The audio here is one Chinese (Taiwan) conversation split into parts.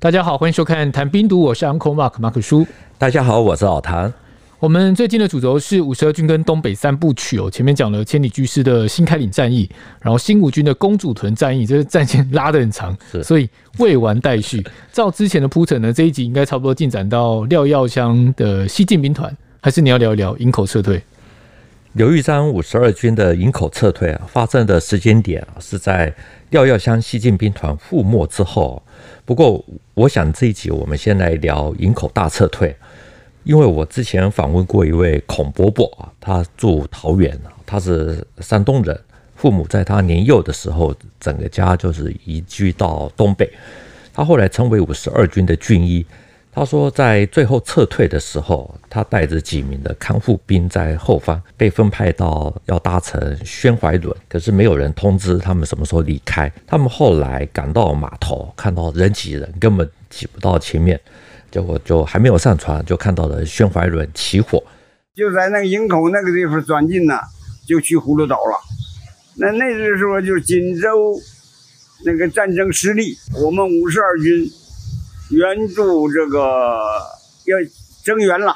大家好，歡迎收看《譚兵讀武》，我是 Uncle Mark 馬克叔。大家好，我是老譚。我們最近的主軸是五十二軍跟東北三部曲哦。前面講了千里駒師的新開嶺戰役，然後新五軍的公主屯戰役，這個戰線拉得很長，所以未完待續。是照之前的鋪陳呢，這一集應該差不多進展到廖耀湘的西進兵團，還是你要聊一聊營口撤退？劉玉章五十二軍的營口撤退啊，發生的時間點啊，是在廖耀湘西進兵團覆沒之後啊。不過，我想這一集我們先來聊營口大撤退，因為我之前訪問過一位孔伯伯啊，他住桃園，他是山東人，父母在他年幼的時候，整個家就是移居到東北，他後來成為五十二軍的軍醫。他說，在最後撤退的時候，他帶着幾名的康復兵在後方，被分派到要搭乘宣懷輪，可是沒有人通知他們什麼時候離開。他們後來趕到碼頭，看到人擠人，根本擠不到前面，結果就還沒有上船，就看到了宣懷輪起火。就在那個營口那個地方轉進呢，就去葫蘆島了。那那時候就是錦州那個戰爭失利，我們五十二軍。援助這個要增援了，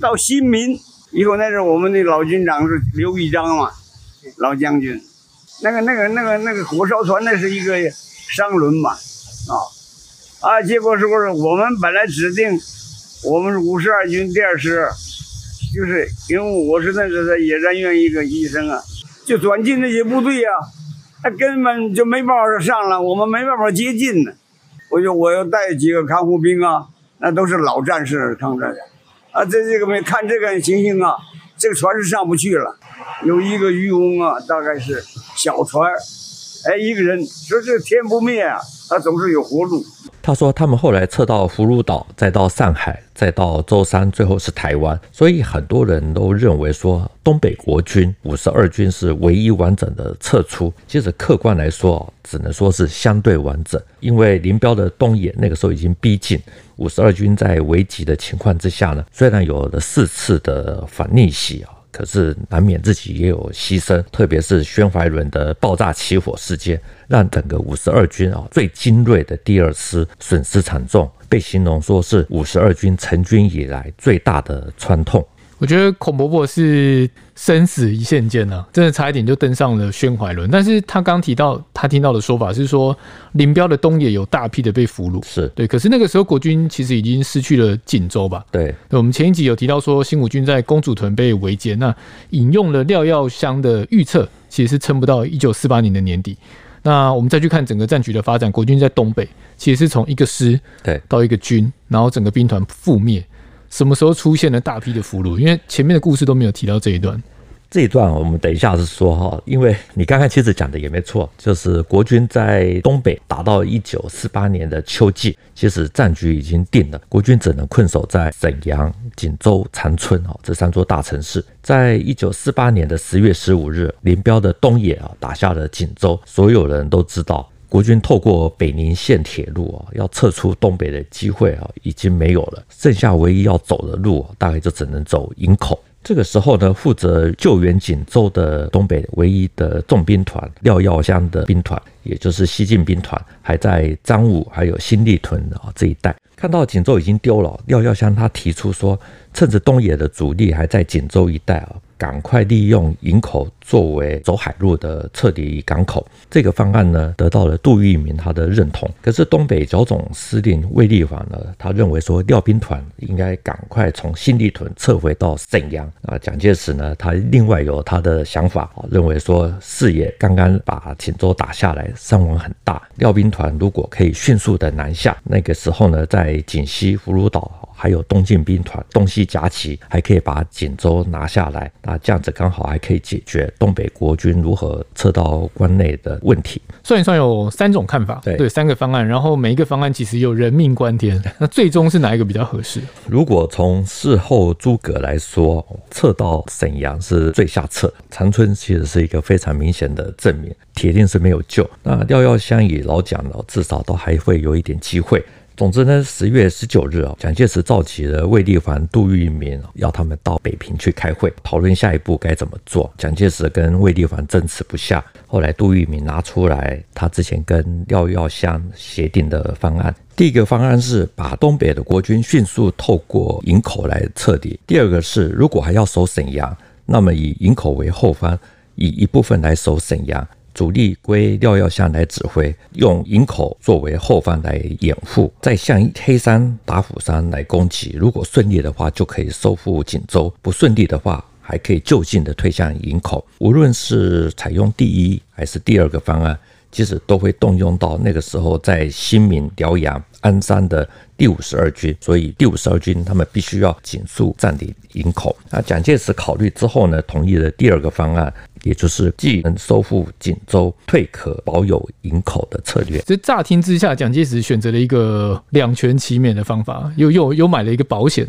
到新民以後，那時我們的老軍長是劉玉章嘛，是老將軍。那個那個那個那個火燒船，那是一個商輪嘛，啊啊！結果是不是我們本來指定我們是五十二軍第二師，就是因為我是那個在野戰院一個醫生啊，就轉進那些部隊啊，他根本就沒辦法上了，我們沒辦法接近呢。我就我要帶幾個看護兵啊，那都是老戰士扛着的，啊，這這個沒看這個情形啊，這個船是上不去了。有一個漁翁啊，大概是小船，哎，一個人說這個天不滅啊，他總是有活路。他說，他們後來撤到葫蘆島，再到上海，再到舟山，最後是台灣。所以很多人都認為說，東北國軍五十二軍是唯一完整的撤出。其實客觀來說，只能說是相對完整，因為林彪的東野那個時候已經逼近五十二軍，在危急的情況之下呢，雖然有了四次的反逆襲啊。可是難免自己也有犧牲，特別是宣懷輪的爆炸起火事件，讓整個五十二軍啊最精銳的第二師損失慘重，被形容說是五十二軍成軍以來最大的創痛。我覺得孔伯伯是生死一線間呢、啊，真的差一點就登上了宣懷輪。但是他剛提到他聽到的說法是說，林彪的東野有大批的被俘虜。是對，可是那個時候國軍其實已經失去了錦州吧？對，對，我們前一集有提到說新五軍在公主屯被圍殲。那引用了廖耀湘的預測，其實是撐不到一九四八年的年底。那我們再去看整個戰局的發展，國軍在東北其實是從一個師對到一個軍，對然後整個兵團覆滅。什麼時候出現了大批的俘虜？因為前面的故事都沒有提到這一段。這一段我們等一下是說哈，因為你剛剛其實講的也沒錯，就是國軍在東北打到一九四八年的秋季，其實戰局已經定了，國軍只能困守在瀋陽、錦州、長春啊這三座大城市。在一九四八年的十月十五日，林彪的東野啊打下了錦州，所有人都知道，國軍透過北寧線鐵路啊，要撤出東北的機會啊，已經沒有了。剩下唯一要走的路，大概就只能走營口。這個時候呢，負責救援錦州的東北唯一的重兵團廖耀湘的兵團，也就是西進兵團，還在彰武還有新立屯啊這一帶。看到錦州已經丟了，廖耀湘他提出說，趁着東野的主力還在錦州一帶啊。趕快利用營口作為走海路的撤離港口，這個方案呢，得到了杜聿明他的認同。可是東北剿總司令衛立煌呢，他認為說廖兵團應該趕快從新立屯撤回到瀋陽啊。蔣介石呢，他另外有他的想法，認為說四野剛剛把錦州打下來，傷亡很大，廖兵團如果可以迅速的南下，那個時候呢，在錦西葫蘆島。還有東進兵團，東西夾擊，還可以把錦州拿下來。那這樣子剛好還可以解決東北國軍如何撤到關內的問題。算一算有三種看法，對，對，三個方案。然後每一個方案其實有人命關天。對那最終是哪一個比較合適？如果從事後諸葛來說，撤到瀋陽是最下策。長春其實是一個非常明顯的證明，鐵定是沒有救。那廖耀湘與老蔣，至少都還會有一點機會。總之呢，十月十九日啊，蔣介石召集了衛立煌、杜聿明，要他們到北平去開會，討論下一步該怎麼做。蔣介石跟衛立煌爭持不下，後來杜聿明拿出來他之前跟廖耀湘協定的方案。第一個方案是把東北的國軍迅速透過營口來撤離；第二個是，如果還要守瀋陽，那麼以營口為後方，以一部分來守瀋陽。主力歸廖耀湘來指揮，用營口作為後方來掩護，再向黑山、打虎山來攻擊。如果順利的話，就可以收復錦州；不順利的話，還可以就近的退向營口。無論是採用第一還是第二個方案，其實都會動用到那個時候在新民、遼陽、鞍山的第五十二軍，所以第五十二軍他們必須要儘速佔領營口。那蔣介石考慮之後呢，同意了第二個方案。也就是既能收復錦州，退可保有營口的策略。其實乍聽之下，蔣介石選擇了一個兩全其美的方法，又又又買了一個保險，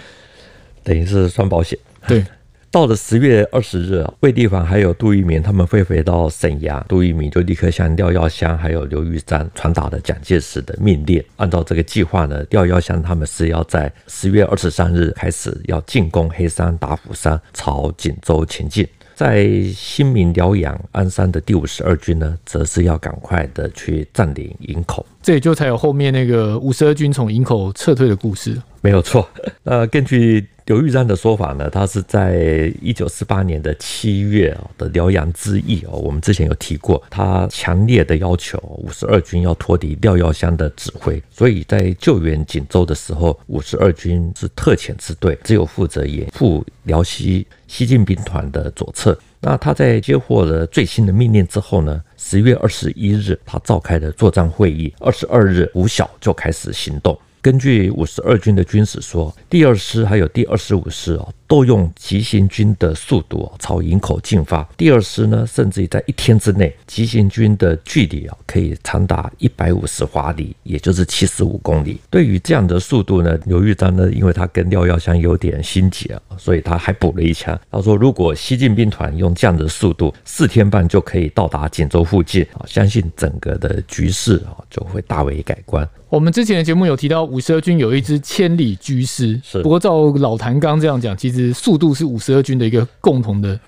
等於是雙保險。對，到了十月二十日啊，衛立煌還有杜聿明，他們會回到瀋陽。杜聿明就立刻向廖耀湘還有劉玉章傳達了蔣介石的命令，按照這個計劃呢，廖耀湘他們是要在十月二十三日開始要進攻黑山、打虎山，朝錦州前進。在新民、遼陽、鞍山的第五十二軍呢，則是要趕快的去占領營口。這也就才有後面那個五十二軍從營口撤退的故事，沒有錯。那、呃、根據劉玉章的說法呢，他是在一九四八年的七月、哦、的遼陽之役哦，我們之前有提過，他強烈的要求五十二軍要脫離廖耀湘的指揮，所以在救援錦州的時候，五十二軍是特遣支隊，只有負責掩護遼西西進兵團的左側。那他在接獲了最新的命令之後呢，十月二十一日，他召開了作戰會議，二十二日拂曉就開始行動。根據五十二軍的軍史說，第二師還有第二十五師，哦都用急行軍的速度朝營口進發。第二師呢，甚至於在一天之內，急行軍的距離啊，可以長達一百五十華里，也就是七十五公里。對於這樣的速度呢，劉玉章呢，因為他跟廖耀湘有點心結，所以他還補了一槍。他說：“如果西進兵團用這樣的速度，四天半就可以到達錦州附近啊，相信整個的局勢啊，就會大為改觀。”我們之前的節目有提到，五十二軍有一支千里駒師，是。不過照老譚剛這樣講，其實。是速度是五十二軍的一個共同的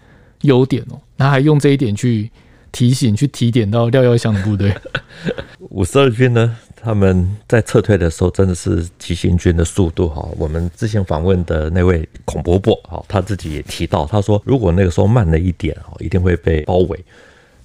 優點哦、喔，他還用這一點去提醒，去提點到廖耀湘的部隊。五十二軍呢，他們在撤退的時候真的是急行軍的速度哈。我們之前訪問的那位孔伯伯哈，他自己也提到，他說，如果那個時候慢了一點哈，一定會被包圍。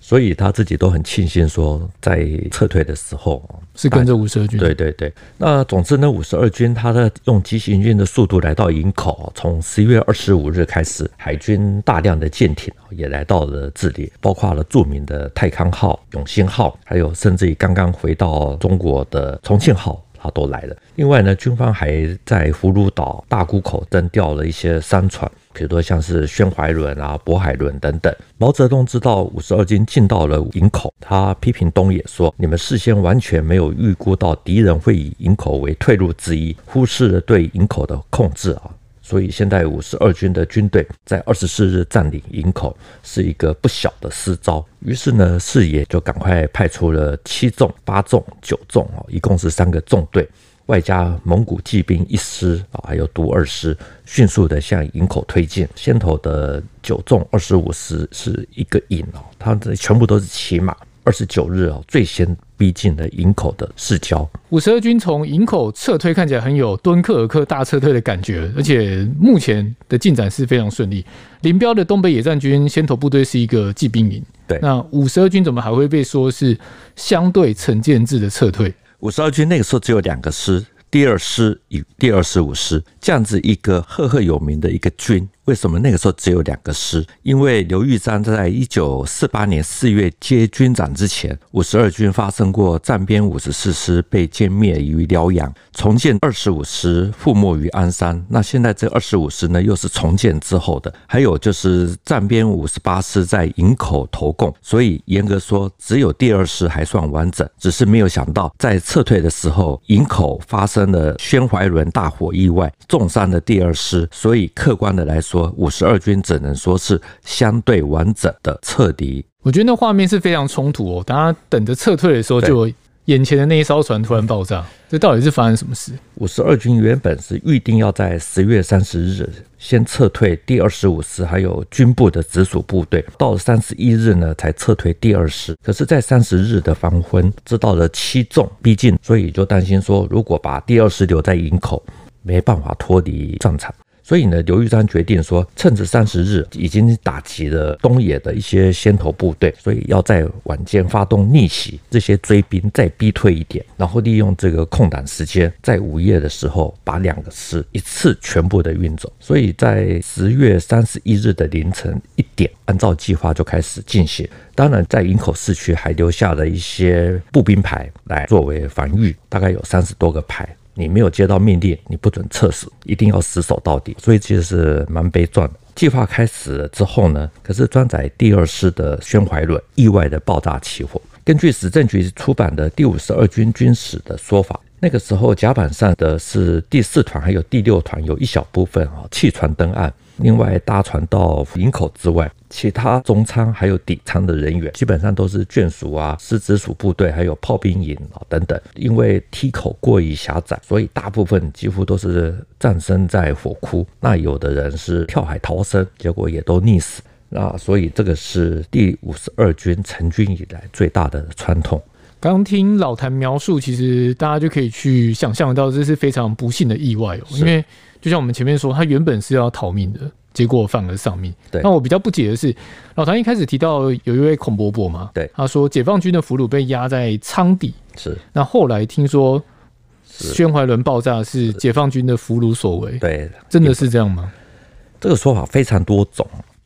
所以他自己都很慶幸，說在撤退的時候是跟着五十二軍。對對對，那總之，呢五十二軍，他的用急行軍的速度來到營口，從十一月二十五日開始，海軍大量的艦艇也來到了這裡，包括了著名的泰康號、永興號，還有甚至於剛剛回到中國的重慶號。他都來了。另外呢，軍方還在葫蘆島大沽口增調了一些商船，比如說像是宣懷輪啊、渤海輪等等。毛澤東知道五十二軍進到了營口，他批評東野說：“你們事先完全沒有預估到敵人會以營口為退路之一，忽視了對營口的控制啊。”所以現在五十二軍的軍隊在二十四日占領營口，是一個不小的失招。於是呢，四野就趕快派出了七縱、八縱、九縱哦，一共是三個縱隊，外加蒙古騎兵一師啊，還有獨二師，迅速的向營口推進。先頭的九縱二十五師是一個營哦，他這全部都是騎馬。二十九日啊，最先逼近了營口的市郊。五十二軍從營口撤退，看起來很有敦刻爾克大撤退的感覺，而且目前的進展是非常順利。林彪的東北野戰軍先頭部隊是一個騎兵營，對，那五十二軍怎麼還會被說是相對成建制的撤退？五十二軍那個時候只有兩個師，第二師與第二十五師，這樣子一個赫赫有名的一個軍。為什麼那個時候只有兩個師？因為劉玉章在一九四八年四月接軍長之前，五十二軍發生過戰邊五十四師被殲滅於遼陽，重建二十五師覆沒於鞍山。那現在這二十五師呢，又是重建之後的。還有就是戰邊五十八師在營口投共，所以嚴格說，只有第二師還算完整，只是沒有想到在撤退的時候，營口發生了宣懷輪大火意外，重傷了第二師。所以客觀的來說，說五十二軍只能說是相對完整的撤離，我覺得那畫面是非常衝突哦。大家等着撤退的時候，就眼前的那一艘船突然爆炸，對這到底是發生什麼事？五十二軍原本是預定要在十月三十日先撤退第二十五師，還有軍部的直屬部隊，到三十一日呢才撤退第二師。可是，在三十日的黃昏，知道了七縱逼近，所以就擔心說，如果把第二師留在營口，沒辦法脫離戰場。所以呢，劉玉章決定說，趁着三十日已經打擊了東野的一些先頭部隊，所以要在晚間發動逆襲，這些追兵再逼退一點，然後利用這個空檔時間，在午夜的時候把兩個師一次全部的運走。所以在十月三十一日的凌晨一點，按照計劃就開始進行。當然，在營口市區還留下了一些步兵排來作為防禦，大概有三十多個排。你沒有接到命令，你不准撤死，一定要死守到底。所以其實是蠻悲壯的。計劃開始了之後呢，可是裝載第二師的宣懷輪，意外的爆炸起火。根據史政局出版的第五十二軍軍史的說法，那個時候甲板上的是第四團，還有第六團，有一小部分啊棄船登岸。另外，搭船到營口之外，其他中艙還有底艙的人員，基本上都是眷屬啊，師直屬部隊，還有炮兵營啊等等。因為梯口過於狹窄，所以大部分幾乎都是葬身在火窟。那有的人是跳海逃生，結果也都溺死。那所以這個是第五十二軍成軍以來最大的慘痛。剛聽老譚描述，其實大家就可以去想象到，這是非常不幸的意外哦、喔。因為就像我們前面說，他原本是要逃命的，結果反而喪命。對，那我比較不解的是，老譚一開始提到有一位孔伯伯嘛，對，他說解放軍的俘虜被壓在艙底，是。那後來聽說宣懷輪爆炸是解放軍的俘虜所為，對，真的是這樣嗎，這樣嗎？這個說法非常多種。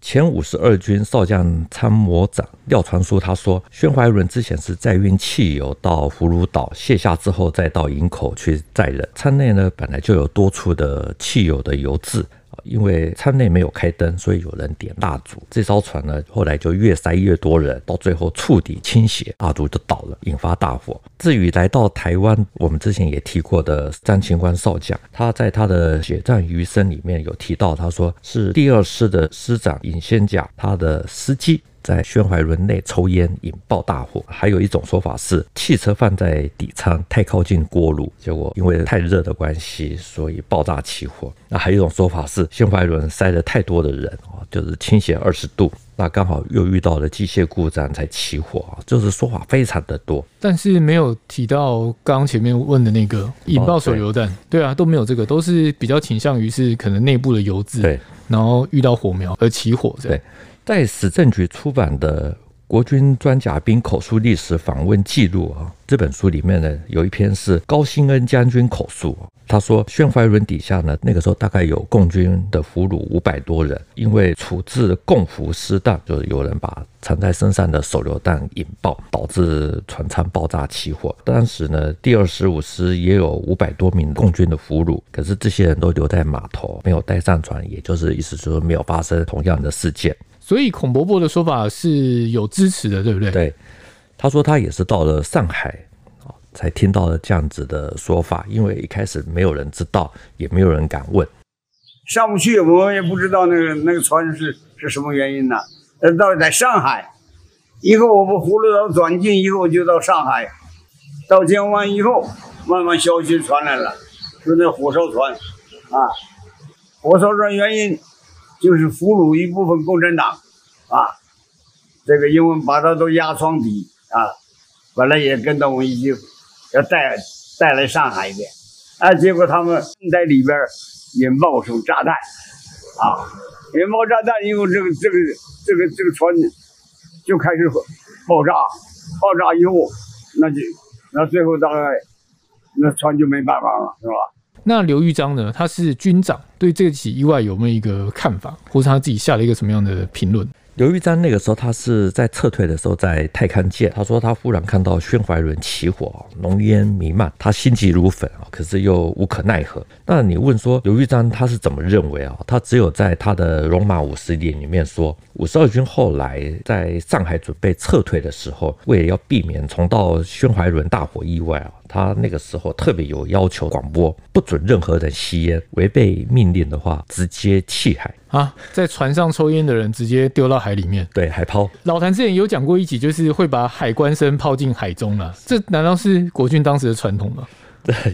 前五十二軍少將參謀長廖傳書他說，宣懷輪之前是載運汽油到葫蘆島卸下之後，再到營口去載人，艙內呢，本來就有多處的汽油的油漬。因為艙內沒有開燈，所以有人點蠟燭。這艘船呢，後來就越塞越多人，到最後觸底傾斜，蠟燭就倒了，引發大火。至於來到台灣，我們之前也提過的張晴光少將，他在他的《血戰餘生》裡面有提到，他說是第二師的師長尹先甲，他的司機。在宣懷輪內抽煙引爆大火，還有一種說法是汽車放在底艙太靠近鍋爐，結果因為太熱的關係，所以爆炸起火。那還有一種說法是宣懷輪塞了太多的人啊，就是傾斜二十度，那剛好又遇到了機械故障才起火啊，就是說法非常的多，但是沒有提到剛前面問的那個引爆手榴彈，哦、對，對啊，都沒有這個，都是比較傾向於是可能內部的油漬，對，然後遇到火苗而起火，對。在史政局出版的《國軍裝甲兵口述歷史訪問記錄》啊，這本書裡面呢，有一篇是高新恩將軍口述，他說，宣懷輪底下呢，那個時候大概有共軍的俘虜五百多人，因為處置共俘失當，就是有人把藏在身上的手榴彈引爆，導致船艙爆炸起火。當時呢，第二十五師也有五百多名共軍的俘虜，可是這些人都留在碼頭，沒有帶上船，也就是意思說沒有發生同樣的事件。所以，孔伯伯的說法是有支持的，對不對？對，他說他也是到了上海啊，才聽到了這樣子的說法。因為一開始沒有人知道，也沒有人敢問。上不去，我們也不知道那個那個船是是什麼原因呢，啊？到在上海，以後我們葫蘆島轉進，以後就到上海，到江灣以後，慢慢消息傳來了，是那火燒船啊，火燒船原因。就是俘虜一部分共產黨，啊，這個因為把他都壓艙底啊，本來也跟着我們一起要帶帶來上海的，啊，結果他們在裡邊也冒出炸彈，啊，也冒炸彈，因為這個這個這個這個船就開始爆炸，爆炸以後，那就那最後大概那船就沒辦法了，是吧？那劉玉章呢？他是軍長，對這起意外有沒有一個看法，或是他自己下了一個什麼樣的評論？劉玉章那個時候，他是在撤退的時候，在太康艦。他說他忽然看到宣懷輪起火，濃煙彌漫，他心急如焚啊，可是又無可奈何。那你問說劉玉章他是怎麼認為啊？他只有在他的《戎馬五十年》裡面說，五十二軍後來在上海準備撤退的時候，為了要避免重蹈宣懷輪大火意外啊，他那個時候特別有要求廣播，不准任何人吸煙，違背命令的話直接棄海啊，在船上抽煙的人直接丟到海。海裡面。對，海拋，老譚之前有講過一集，就是會把海關生拋進海中了、啊。這難道是國軍當時的傳統嗎？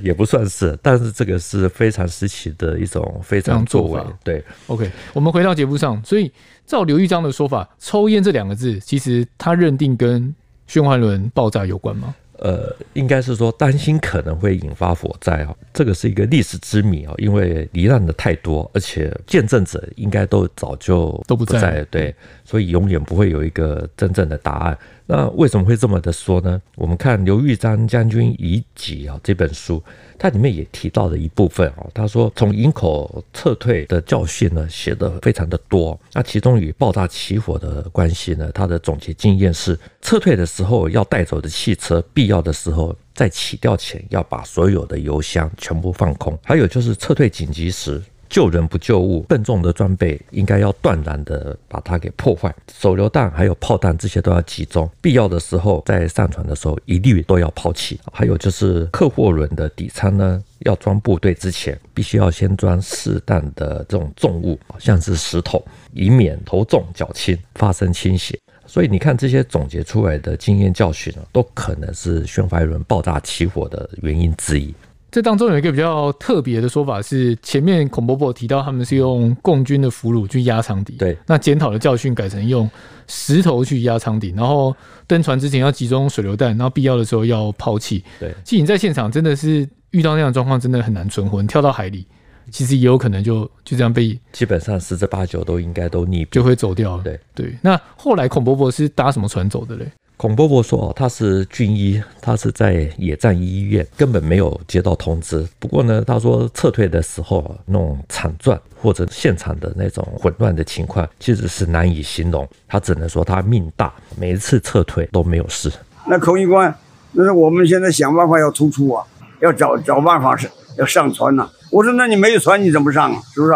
也不算是，但是這個是非常時期的一種非常作為。對，OK，我們回到節目上。所以，照劉玉章的說法，抽菸這兩個字，其實他認定跟宣懷輪爆炸有關嗎？呃，應該是說擔心可能會引發火災啊、哦。這個是一個歷史之謎啊、哦，因為罹難的太多，而且見證者應該都早就不都不在。對。嗯所以永遠不會有一個真正的答案。那為什麼會這麼的說呢？我們看劉玉章將軍遺集啊，這本書，它裡面也提到了一部分啊，他說從營口撤退的教訓呢，寫的非常的多。那其中與爆炸起火的關係呢，他的總結經驗是：撤退的時候要帶走的汽車，必要的時候在起吊前要把所有的油箱全部放空；還有就是撤退緊急時。救人不救物，笨重的裝備應該要斷然的把它給破壞。手榴彈還有炮彈這些都要集中，必要的時候在上船的時候一律都要拋棄。還有就是客貨輪的底艙呢，要裝部隊之前，必須要先裝適當的這種重物，像是石頭，以免頭重腳輕發生傾斜。所以你看這些總結出來的經驗教訓呢，都可能是宣懷輪爆炸起火的原因之一。這當中有一個比較特別的說法是，前面孔伯伯提到他們是用共軍的俘虜去壓艙底，對，那檢討的教訓改成用石頭去壓艙底，然後登船之前要集中手榴彈，然後必要的時候要拋棄。對，其實你在現場真的是遇到那樣的狀況，真的很難存活，你跳到海裡，其實也有可能就就這樣被。基本上十之八九都應該都溺，就會走掉了。對對，那後來孔伯伯是搭什麼船走的嘞？孔伯伯說，他是軍醫，他是在野戰醫院，根本沒有接到通知。不過呢，他說撤退的時候那種慘狀或者現場的那種混亂的情況，其實是難以形容。他只能說他命大，每一次撤退都沒有事。那孔醫官，那是我們現在想辦法要突出啊，要找找辦法是要上船吶、啊。我說，那你沒有船你怎麼上啊？是不是？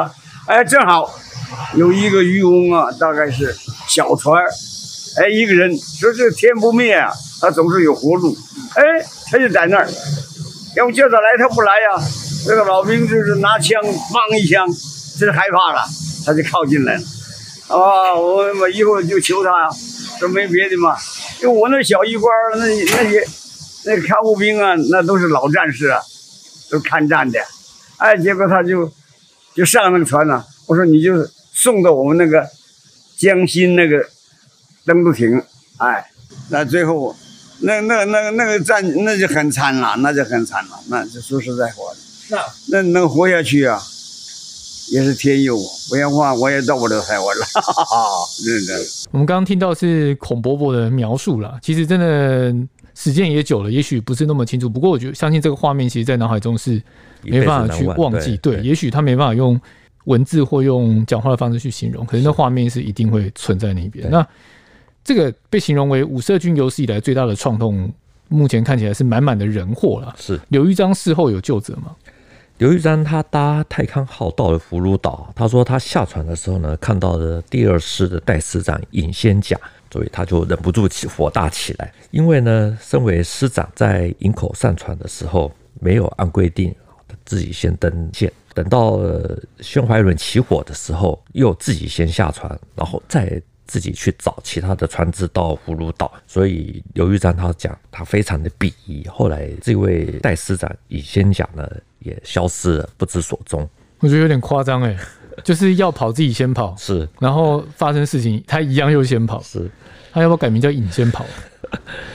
哎，正好有一個漁翁啊，大概是小船。哎，一個人說這個天不滅啊，他總是有活路。哎，他就在那兒，要不叫他來，他不來呀、啊。那個老兵就是拿槍梆一槍，就害怕了，他就靠近來了。啊、哦，我我一會兒就求他，說沒別的嘛，就、哎、我那小醫官，那那些那看護兵啊，那都是老戰士啊，都看戰的。哎，結果他就就上那個船了、啊。我說你就送到我們那個江西那個。登不停哎，那最後，那那那那，那個戰那就很慘了，那就很慘了，那就說實在話，那那能活下去啊，也是天佑我，不然話我也到不了台灣了，哈哈、哈、哈。那那我們剛剛聽到是孔伯伯的描述了，其實真的時間也久了，也許不是那麼清楚。不過我覺得，相信這個畫面其實在腦海中是沒辦法去忘記。對、對，也許他沒辦法用文字或用講話的方式去形容，可是那畫面是一定會存在那邊。那這個被形容為五二軍有史以來最大的創痛，目前看起來是滿滿的人禍了。是劉玉章事後有究責嗎？劉玉章他搭泰康號到了葫蘆島，他說他下船的時候呢，看到了第二師的代師長尹先甲，所以他就忍不住起火大起來。因為呢，身為師長在營口上船的時候沒有按規定，自己先登艦，等到了宣懷輪起火的時候又自己先下船，然後再。自己去找其他的船隻到葫蘆島，所以劉玉章他講他非常的鄙夷。後來這位戴師長引先講呢也消失了，不知所蹤。我覺得有點誇張哎，就是要跑自己先跑 是，然後發生事情他一樣又先跑是，他要不要改名叫引先跑？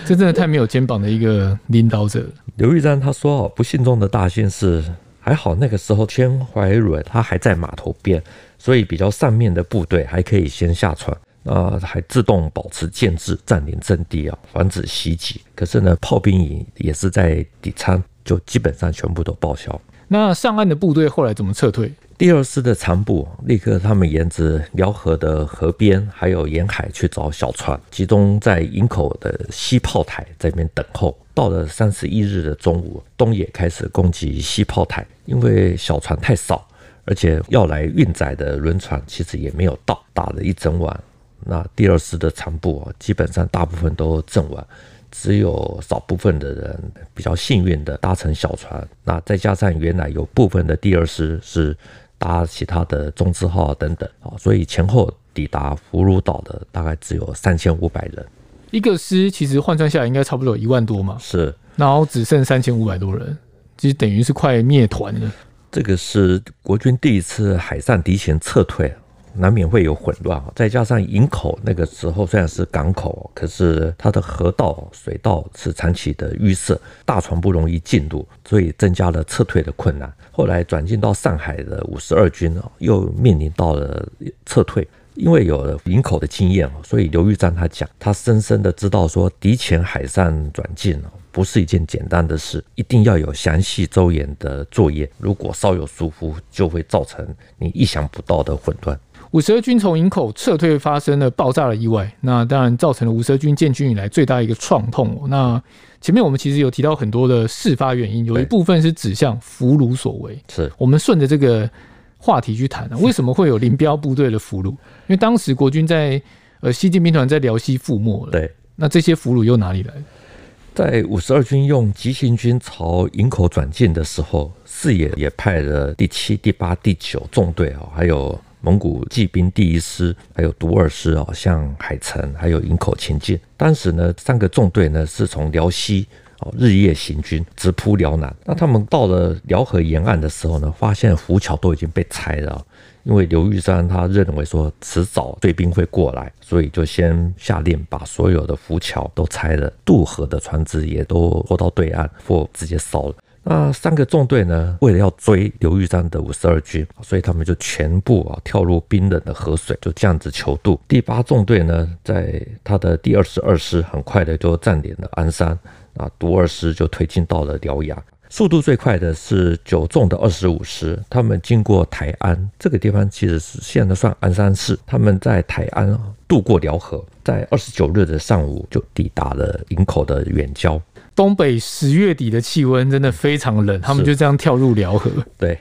這真的太沒有肩膀的一個領導者。劉玉章他說哦，不幸中的大幸是還好那個時候宣懷輪他還在碼頭邊，所以比較上面的部隊還可以先下船。啊，還自動保持建制、佔領陣地啊，防止襲擊。可是呢，炮兵營也是在底艙，就基本上全部都報銷。那上岸的部隊後來怎麼撤退？第二師的殘部立刻他們沿着遼河的河邊，還有沿海去找小船，集中在營口的西炮台，在這邊等候。到了三十一日的中午，東野開始攻擊西炮台，因為小船太少，而且要來運載的輪船其實也沒有到，打了一整晚。那第二師的殘部啊，基本上大部分都陣亡，只有少部分的人比較幸運的搭乘小船。那再加上原來有部分的第二師是搭其他的中字號等等啊，所以前後抵達葫蘆島的大概只有三千五百人。一個師其實換算下來應該差不多有一萬多嘛，是。然後只剩三千五百多人，其實等於是快滅團了。這個是國軍第一次海上敵前撤退。難免會有混亂啊！再加上營口那個時候雖然是港口，可是它的河道、水道是長期的淤塞，大船不容易進入，所以增加了撤退的困難。後來轉進到上海的五十二軍啊，又面臨到了撤退。因為有了營口的經驗，所以劉玉章他講，他深深的知道說，敵前海上轉進不是一件簡單的事，一定要有詳細周延的作業，如果稍有疏忽，就會造成你意想不到的混亂。五十二軍從營口撤退，發生了爆炸的意外，那當然造成了五十二軍建軍以來最大一個創痛哦。那前面我們其實有提到很多的事發原因，有一部分是指向俘虜所為。是對，我們順着這個話題去談啊，是為什麼會有林彪部隊的俘虜？是因為當時國軍在呃西進兵團在遼西覆沒了。對，那這些俘虜又哪裡來？在五十二軍用急行軍朝營口轉進的時候，四野也派了第七、第八、第九縱隊啊，還有。蒙古騎兵第一師還有獨二師啊，向海城還有營口前進。當時呢，三個縱隊呢是從遼西啊日夜行軍，直撲遼南。那他們到了遼河沿岸的時候呢，發現浮橋都已經被拆了，因為劉玉山他認為說遲早追兵會過來，所以就先下令把所有的浮橋都拆了，渡河的船隻也都拖到對岸或直接燒了。那三個縱隊呢，為了要追劉玉章的五十二軍，所以他們就全部啊跳入冰冷的河水，就這樣子泅渡。第八縱隊呢，在他的第二十二師很快的就佔領了鞍山，啊，獨二師就推進到了遼陽。速度最快的是九縱的二十五師，他們經過台安這個地方，其實是現在算鞍山市。他們在台安渡過遼河，在二十九日的上午就抵達了營口的遠郊。東北十月底的氣溫真的非常冷，他們就這樣跳入遼河。對。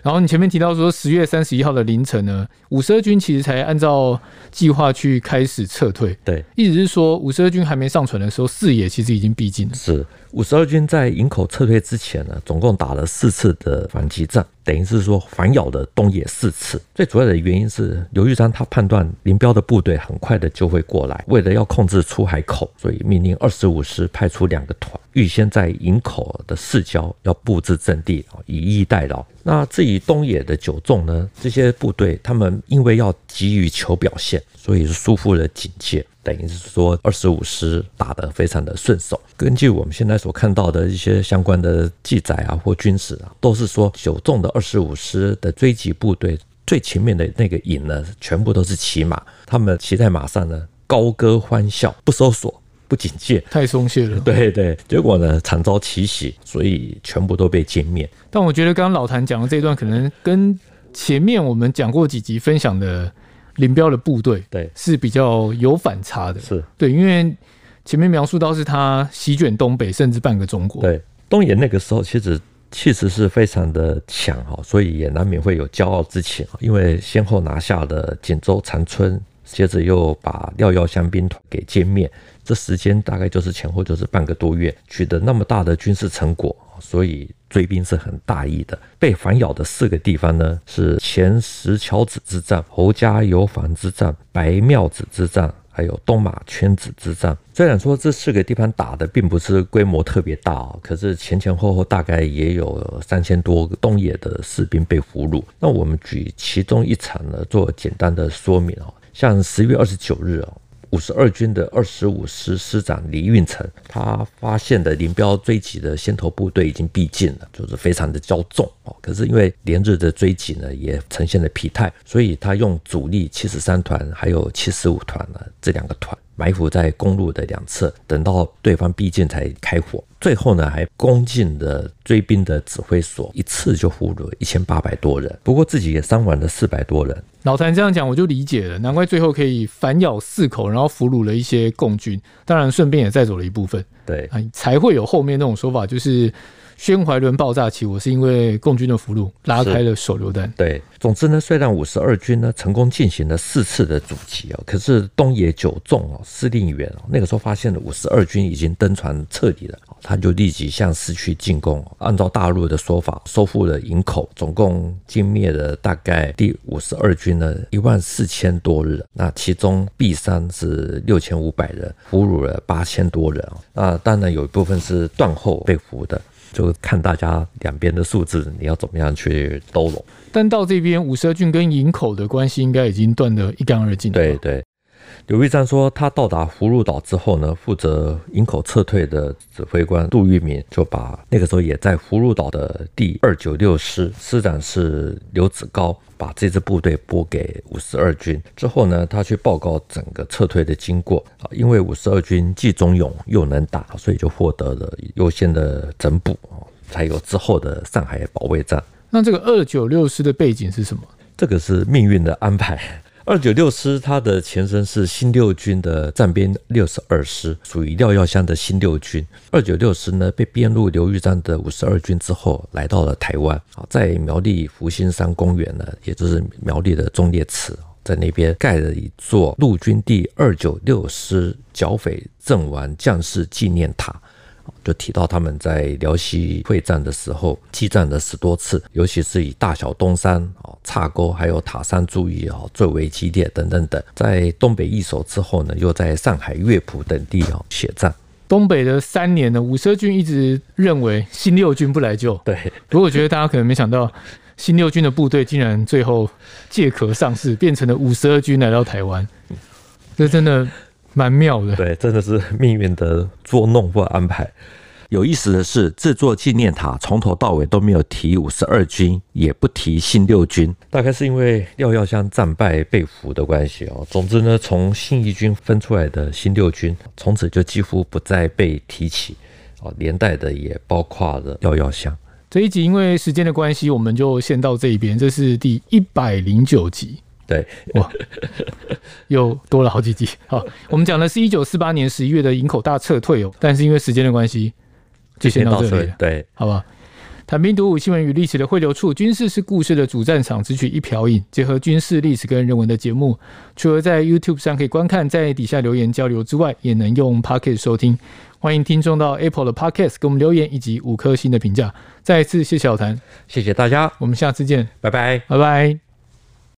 然後你前面提到說，十月三十一號的凌晨呢，五十二軍其實才按照計劃去開始撤退，對，意思是說五十二軍還沒上船的時候，四野其實已經逼近了。是，五十二軍在營口撤退之前呢，總共打了四次的反擊戰。等於是說反咬了東野四次，最主要的原因是劉玉章他判斷林彪的部隊很快的就會過來，為了要控制出海口，所以命令二十五師派出兩個團，預先在營口的市郊要布置陣地，以逸待勞。那至於東野的九縱呢，這些部隊他們因為要急於求表現，所以是疏忽了警戒。等於是說，二十五師打得非常的順手。根據我們現在所看到的一些相關的記載啊，或軍史啊，都是說，久眾的二十五師的追擊部隊最前面的那個營呢，全部都是騎馬，他們騎在馬上呢，高歌歡笑，不搜索，不警戒，太鬆懈了。對對，結果呢，慘遭奇襲，所以全部都被殲滅。但我覺得，剛剛老譚講的這段，可能跟前面我們講過幾集分享的。林彪的部隊，對，是比較有反差的對，是對，因為前面描述到是他席捲東北，甚至半個中國。對，東野那個時候其實確實是非常的強哈，所以也難免會有驕傲之情。因為先後拿下了錦州、長春，接着又把廖耀湘兵團給殲滅，這時間大概就是前後就是半個多月，取得那麼大的軍事成果。所以追兵是很大意的，被反咬的四個地方呢，是前石橋子之戰、侯家油坊之戰、白廟子之戰，還有東馬圈子之戰。雖然說這四個地方打的並不是規模特別大啊，可是前前後後大概也有三千多個東野的士兵被俘虜。那我們舉其中一場呢，做簡單的說明啊，像十月二十九日啊。五十二軍的二十五師師長李運成，他發現的林彪追擊的先頭部隊已經逼近了，就是非常的驕縱哦，可是因為連日的追擊呢，也呈現了疲態，所以他用主力七十三團，還有七十五團呢，這兩個團，埋伏在公路的兩側，等到對方逼近才開火。最後呢，還攻進了追兵的指揮所，一次就俘虜一千八百多人，不過自己也傷亡了四百多人。老譚這樣講，我就理解了，難怪最後可以反咬四口，然後俘虜了一些共軍，當然順便也帶走了一部分。對，啊，才會有後面那種說法，就是宣懷輪爆炸起火是因為共軍的俘虜拉開了手榴彈。對，總之呢，雖然五十二軍呢成功進行了四次的阻擊啊，可是東野九縱司令員那個時候發現了五十二軍已經登船撤離了。他就立即向市區進攻。按照大陸的說法，收復了營口，總共殲滅了大概第五十二軍呢，一萬四千多人。那其中斃傷是六千五百人，俘虜了八千多人。那當然有一部分是斷後被俘的，就看大家兩邊的數字，你要怎麼樣去兜攏。但到這邊，五十二軍跟營口的關係應該已經斷得一乾二淨了，對對。對劉玉章說，他到達葫蘆島之後呢，負責營口撤退的指揮官杜聿明就把那個時候也在葫蘆島的第二九六師師長是劉子高，把這支部隊撥給五十二軍之後呢，他去報告整個撤退的經過。啊，因為五十二軍既忠勇又能打，所以就獲得了優先的整補啊，才有之後的上海保衛戰。那這個二九六師的背景是什麼？這個是命運的安排。二九六師，它的前身是新六軍的暫編六十二師，屬於廖耀湘的新六軍。二九六師呢，被編入劉玉章的五十二軍之後，來到了台灣。在苗栗福星山公園呢，也就是苗栗的忠烈祠，在那邊蓋了一座陸軍第二九六師剿匪陣亡將士紀念塔。就提到他們在遼西會戰的時候激戰了十多次，尤其是以大小東山、哦岔溝還有塔山戰役啊最為激烈等等等。在東北易手之後呢，又在上海、月浦等地啊血戰。東北的三年呢，五十二軍一直認為新六軍不來救。對，不過我覺得大家可能沒想到，新六軍的部隊竟然最後借殼上市，變成了五十二軍來到台灣，嗯、這真的。蠻妙的，對，真的是命運的捉弄或安排。有意思的是，這座紀念塔從頭到尾都沒有提五十二軍，也不提新六軍，大概是因為廖耀湘戰敗被俘的關係哦、喔。總之呢，從新一軍分出來的新六軍，從此就幾乎不再被提起哦，連帶的也包括了廖耀湘。這一集因為時間的關係，我們就先到這一邊，這是第一百零九集。對，哇，又多了好幾集。好，我們講的是一九四八年十一月的營口大撤退哦，但是因為時間的關係，就先到這裡了。對，好吧。譚兵讀武新聞與歷史的匯流處，軍事是故事的主戰場，只取一瓢飲，結合軍事歷史跟人文的節目，除了在 YouTube 上可以觀看，在底下留言交流之外，也能用 Podcast 收聽。歡迎聽眾到 Apple 的 Podcast 給我們留言以及五顆星的評價。再一次謝謝小譚，謝謝大家，我們下次見，拜拜，拜拜。